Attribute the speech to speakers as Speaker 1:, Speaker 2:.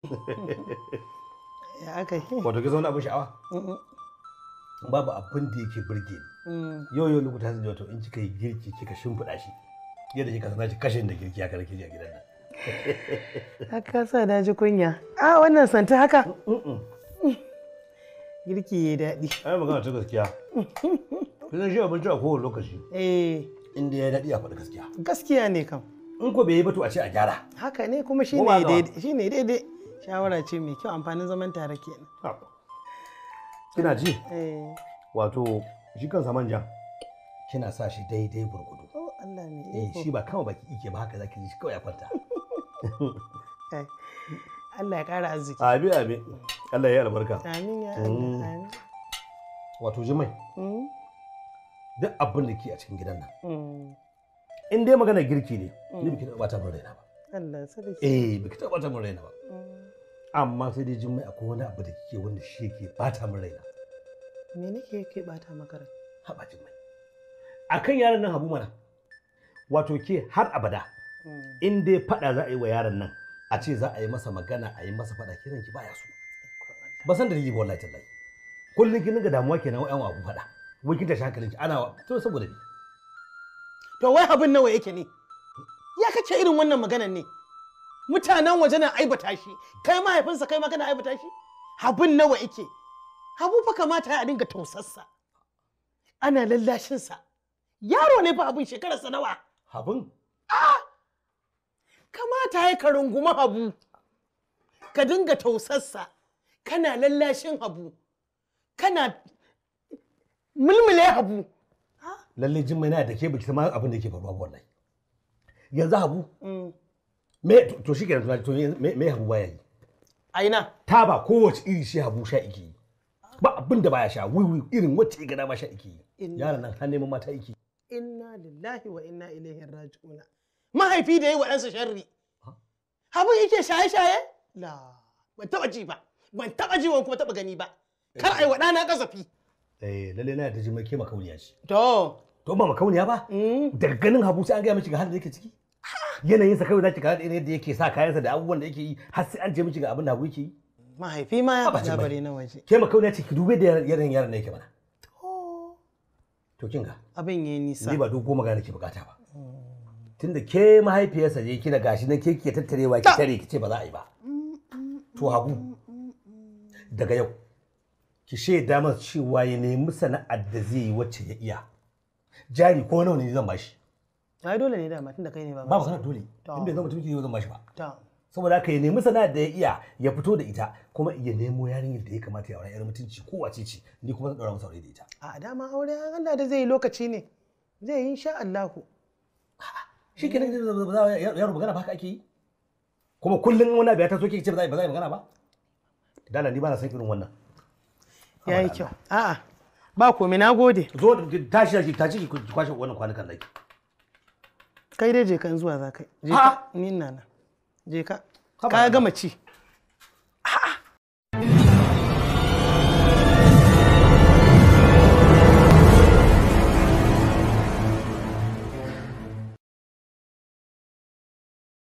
Speaker 1: ya aka yi wato gizo wani abin sha'awa
Speaker 2: babu abin da yake birge ni mm. yau yau lokuta zan wato in kika yi girki kika shimfiɗa shi yadda kika sanar shi kashin da girki haka nake ji a gidan nan
Speaker 1: haka sa na ji kunya a wannan santa haka girki ya daɗi
Speaker 2: ai magana ta gaskiya kusan shi abinci a kowane lokaci eh inda ya daɗi a faɗi gaskiya gaskiya ne kam in ko bai yi ba to a ce a gyara
Speaker 1: haka ne kuma shi ne daidai shawara ce mai kyau amfanin zaman tare kenan kina ji eh.
Speaker 2: wato shi kansa manja kina sa shi daidai gurgudu
Speaker 1: oh, Allah ne eh shi ba
Speaker 2: kama baki ike ba haka zaki ji shi kawai ya kwanta
Speaker 1: Allah ya kara arziki abi abi
Speaker 2: Allah ya yi albarka amin ya mm. amin wato jimai mm. duk abin da ke a cikin gidan nan mm. in dai magana girki ne ni biki taɓa ta mun raina ba
Speaker 1: Allah sarki eh
Speaker 2: biki taɓa ta mun raina ba amma sai dai jin mai akwai wani abu da kike wanda shi yake bata min raina
Speaker 1: me nake yake bata maka rai
Speaker 2: haba jin mai akan yaron nan habu mana wato ke har abada hmm. in dai fada za a yi wa yaron nan a ce za a yi masa magana a yi masa fada kiran ki baya so ba san da dalili wallahi tallahi kullun kin ga damuwa kenan wa'an abu fada wai kin tashi hankalinki ana to saboda ni to wai abin nawa yake ne ya kace irin wannan maganar ne mutanen waje na aibata
Speaker 1: shi kai mahaifinsa kai ma kana aibata shi habun nawa yake habu fa kamata a dinga tausarsa ana lallashinsa yaro ne fa abin shekararsa nawa habun kamata ya ka runguma habu ka dinga tausarsa kana lallashin habu kana mulmule habu
Speaker 2: lallai jin mai na da ke biki sama abin da ke faruwa wallahi yanzu habu mm. me to shi kenan to me me habu baya yi aina ta ba kowace iri shi habu sha iki ba abin da baya sha wiwi irin wacce ga dama sha iki Yara nan har neman mata iki
Speaker 1: inna lillahi wa inna ilaihi raji'un
Speaker 2: mahaifi da yi wa ɗansa sharri habu yake shaye shaye
Speaker 1: la ban taba ji ba ban taba ji wani kuma taba gani ba kar ai wa ɗana kasafi
Speaker 2: eh lalle na da mai ke makauniya ce to to ba makauniya ba mm. daga ganin habu sai an gaya mace ga halin da yake ciki yanayin sa kawai zaki ga yadda yake sa kayansa da abubuwan da yake yi har sai an je miki ga abin da yake yi mahaifi ma ya faɗa bare na waje ke ma kawai ce ki dube da yaran yaran da yake mana to kin ga abin yayi nisa ni ba duk goma ga nake bukata ba oh. tunda ke mahaifiyarsa je kina gashi nan ke ke tattarewa ki tare ki ce ba za a yi ba mm, mm, mm, to hagu daga yau ki shaida damar cewa ya nemi sana'ar da zai yi wacce ya iya jari ko nawa ne zan bashi
Speaker 1: ai dole ne dama da kai ne ba ba sanar dole
Speaker 2: in bai zama mutum ki zan shi ba saboda haka ya nemi sana'ar da ya iya ya fito da ita kuma ya nemo yarinyar da ya kamata ya aure yar mutunci ko wace ce ni kuma zan daura masa aure da ita
Speaker 1: a dama aure Allah da zai yi lokaci ne zai yi insha Allah
Speaker 2: shi ke nan yaro magana ba haka ake yi kuma kullum wani abu ya taso ke ce ba za a yi magana ba dala ni ba na san irin wannan ya yi kyau a'a ba komai na gode zo tashi tashi tashi ki kwashe wannan kwanukan da ke
Speaker 1: kai dai je ka zuwa za kai yi. Ha? ni nana. je ka ka gama ci